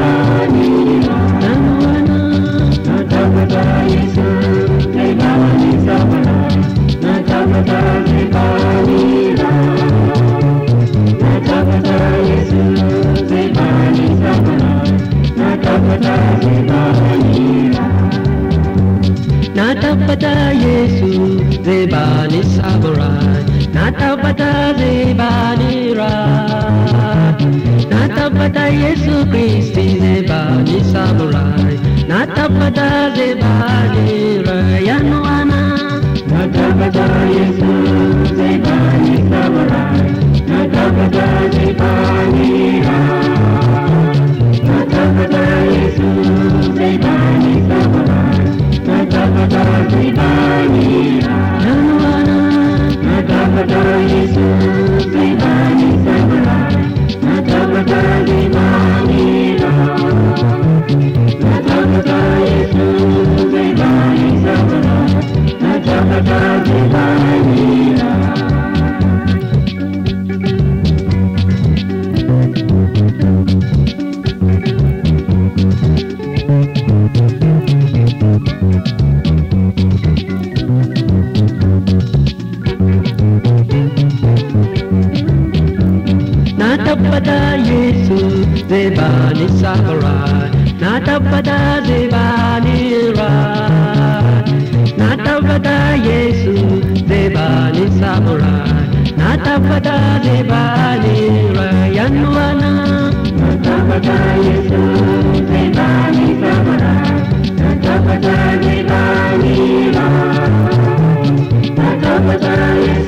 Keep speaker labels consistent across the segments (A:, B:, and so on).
A: you. natapata yesu kristi ne bali saburai natapata de bali rayanuana natapata yesu de bali saburai natapata de bali natapata yesu bani bali saburai natapata de bali rayanuana natapata yesu de నాటపదా యేసు దేవాని సహరా నాటపదా దేవాని రా నాటపదా యేసు దేవాని సహరా నాటపదా దేవాని రాయన్వన నాటపదా యేసు దేవాని సహరా నాటపదా దేవాని రా నాటపదా యేసు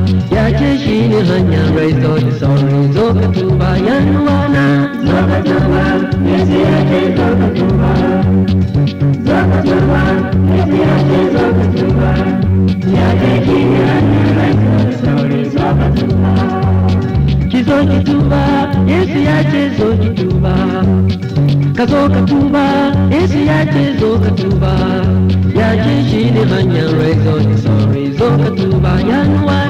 A: ce shi ne hanya mai sauri sauri zo ka tuba yan Zoka zo ka tuba ya ce Zoka ce zo ka tuba zo ka tuba ya ce ya ce zo ka tuba ya ce shi ne hanya mai sauri sauri zo ka tuba ki zo ki tuba yesu ya ce zo ki tuba ka zo ka tuba yesu ya ce zo ya ce shi ne hanyar rai tuba yan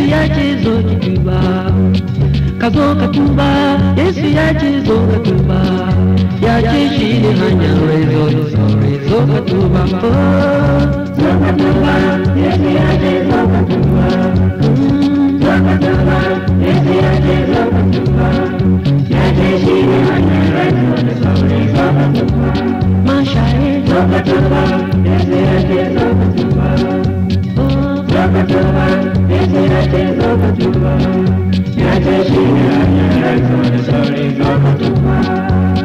A: Yesu yakizo kituba kazo katuba Yesu yakizo katuba yace shi ne hanyar rezo katuba zo katuba Yesu yakizo katuba zo katuba Yesu yakizo katuba yace shi ne hanyar rezo rezo katuba mashaye zo katuba Yesu yakizo katuba Nyata shina nyata zori zokotupa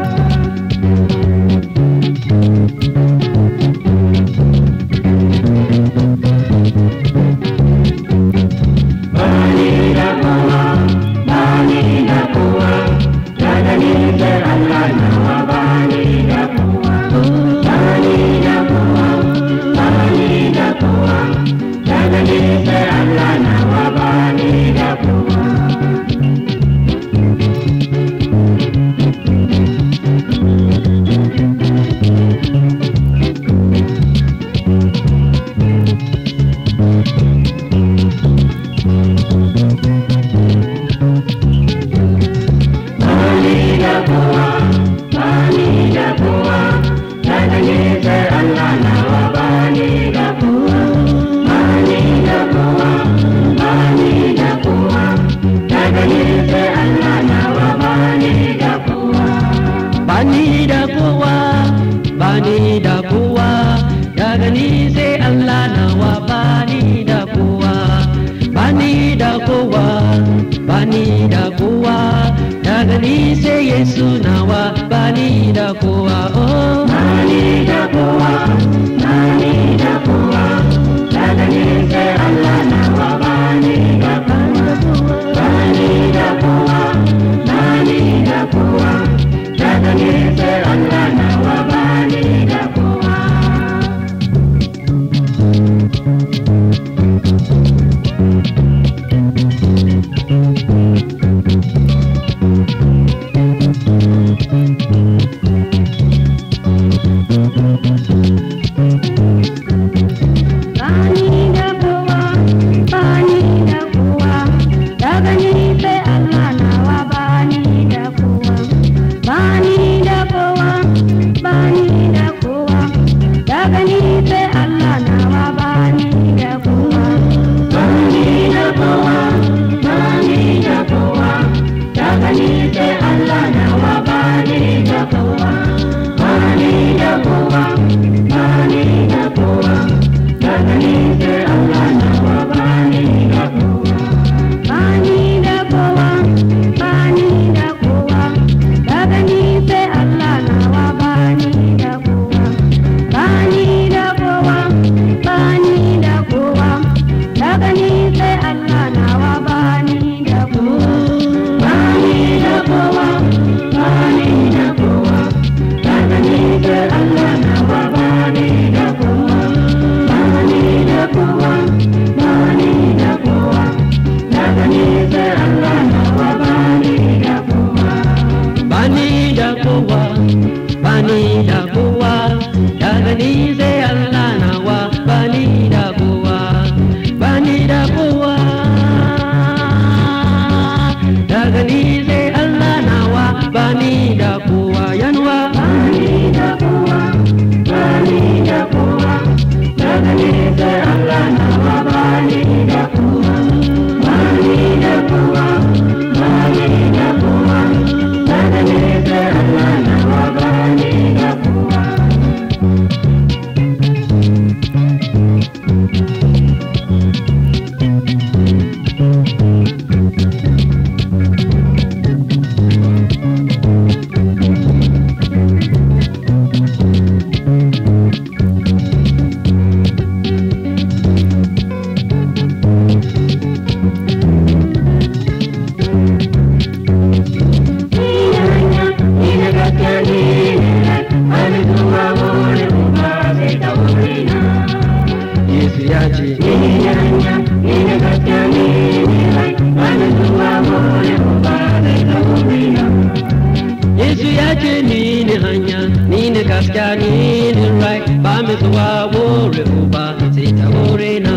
A: kashkani lirai bamitwa wore uba sita horena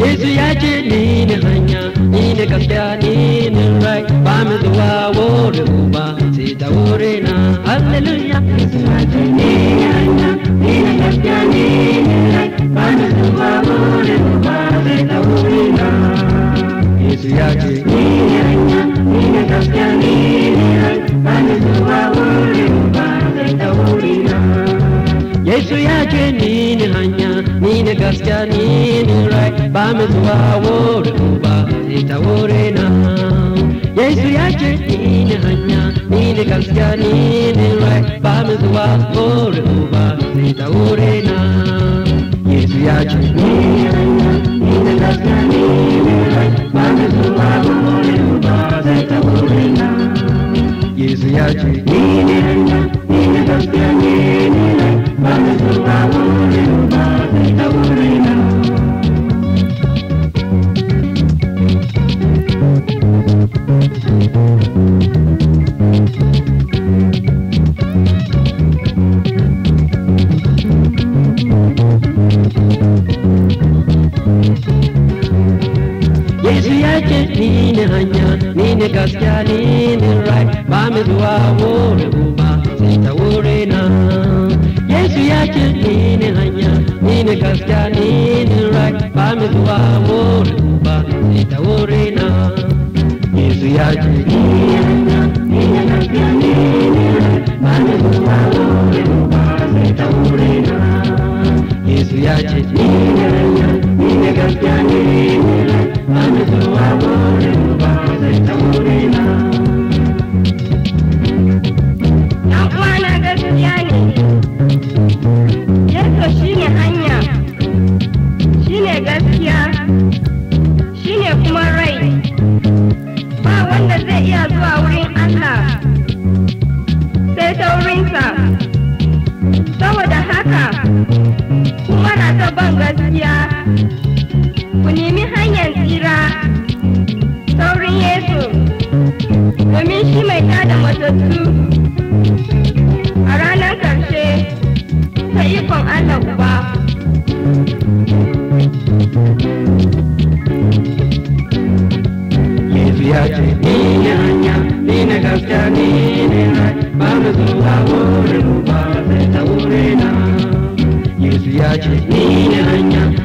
A: Yesu yaje ni ne hanya ni ne kashkani lirai bamitwa wore uba sita horena Hallelujah Yesu yaje ni ne hanya ni ne kashkani ni hanya ni ne gaskiya ni nurai ba mu zuwa wurin ba sai ta wurina yesu ya ce ni ne hanya ni ne gaskiya ni nurai ba mu zuwa wurin ba sai ta wurina yesu ya ce ni ne hanya ni ne gaskiya ni nurai ba mu zuwa wurin ba sai ta wurina yesu ya ce ni ne hanya ni ne gaskiya hanya ni gaskiya ni ne right ba wore goma sai wore na Yesu ya ce hanya ni ne gaskiya right ba wore goma sai wore na Yesu ya ce ni ne gaskiya ne ba ni zuwa burin ba zai ta burina. Yan uwana gaskiya ne, Yaso shi ne hanya, shi ne gaskiya, shi ne kuma rai, ba wanda zai iya zuwa wurin Allah sai taurinsa. Saboda haka, kuma na ta ban gaskiya. matattu a ranar karshe ta ikon Allah uba. Yesu ya ce, Ni ne hanya, ni na gaskiya, ni ne rai, ba mu zuwa wurin ba sai ta wurina. Yesu ya ce, Ni ne hanya,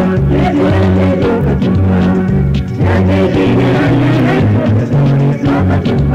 A: Thank you.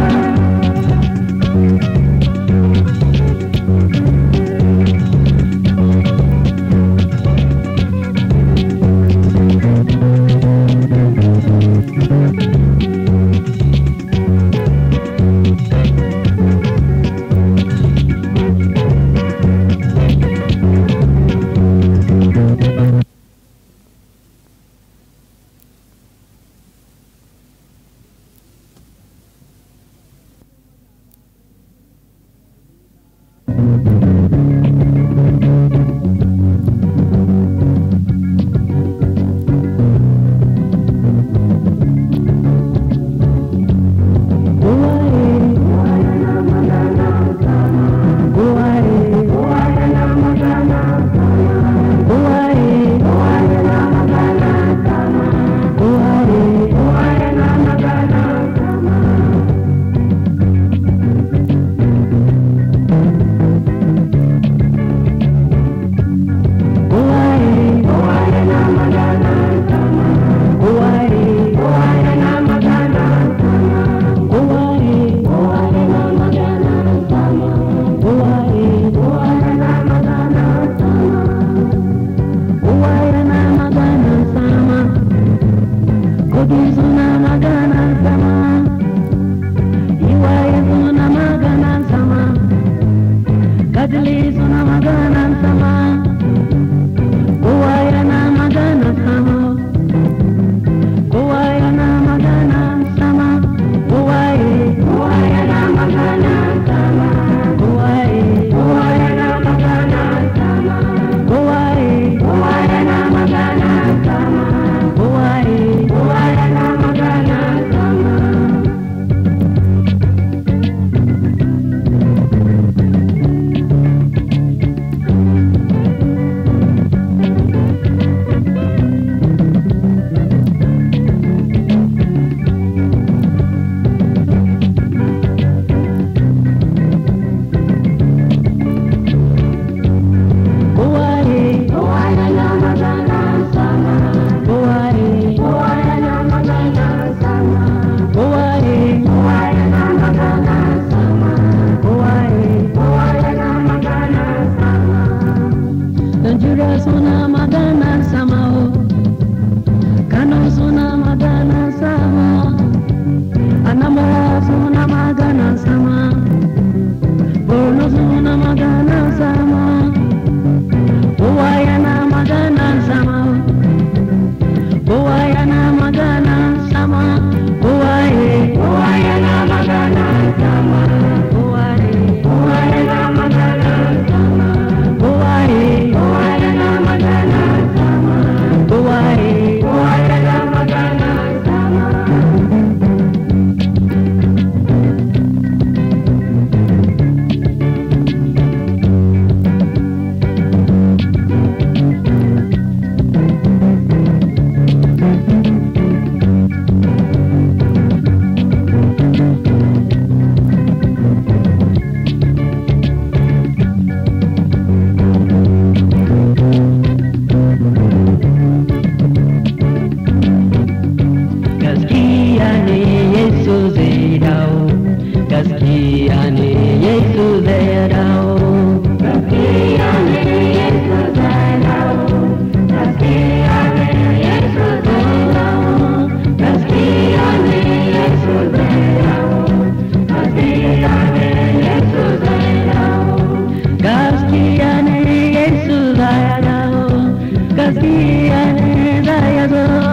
A: together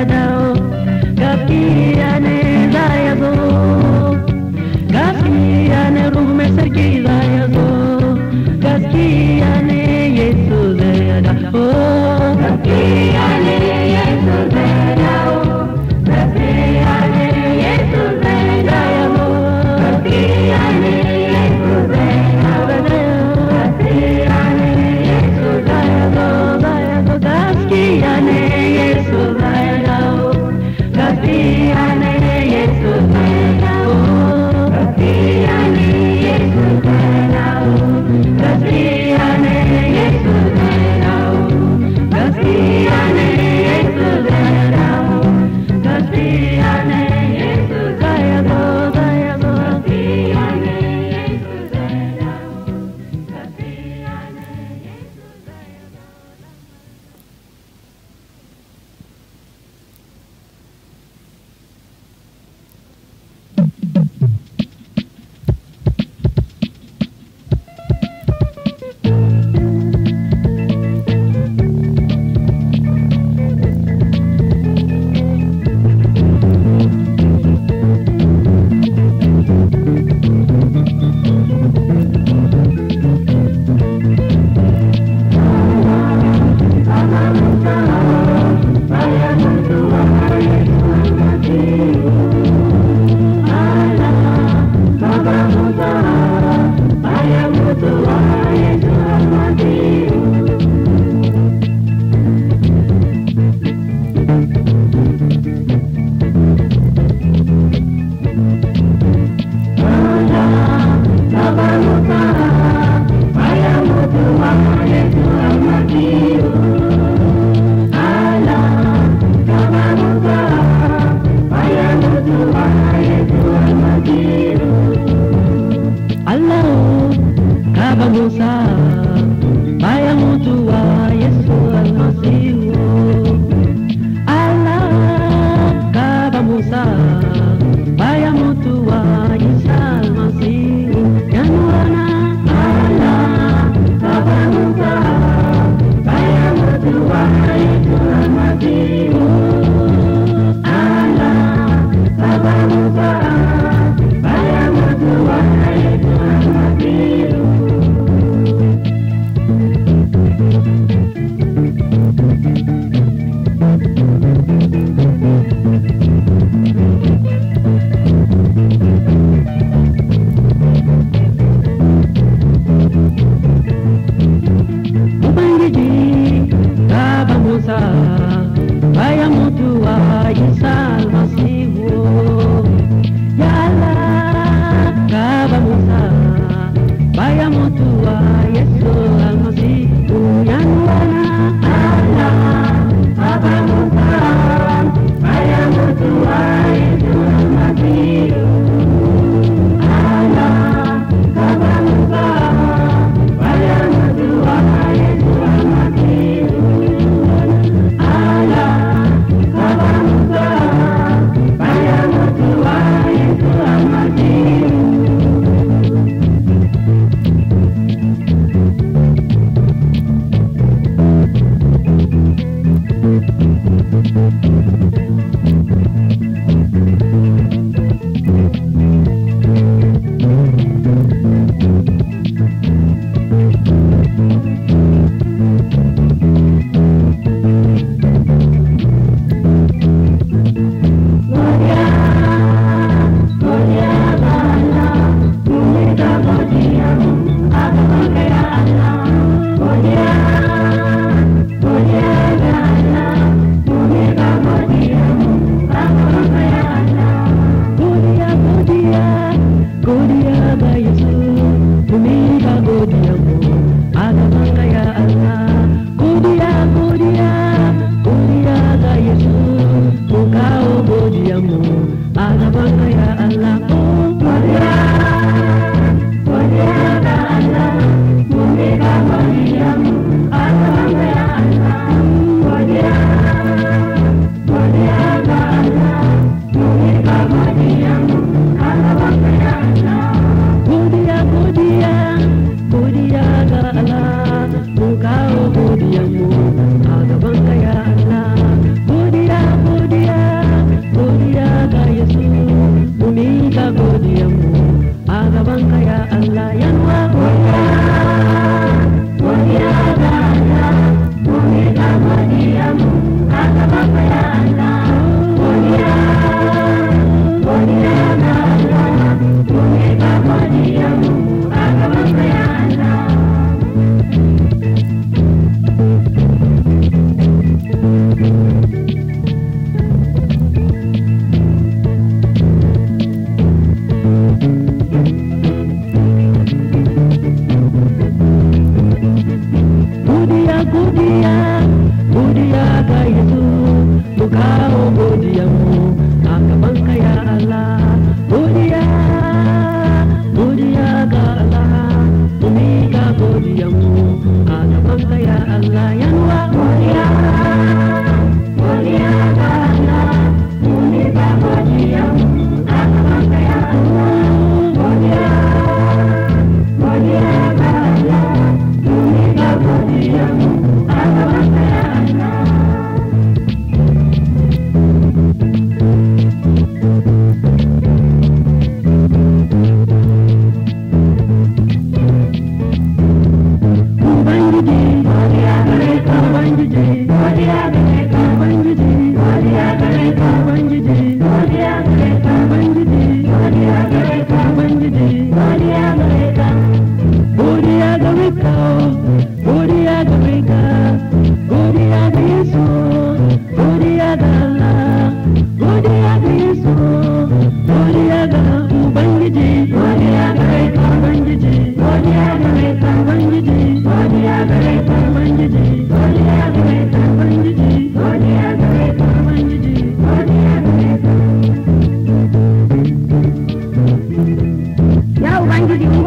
A: I know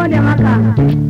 A: Olha, macaco.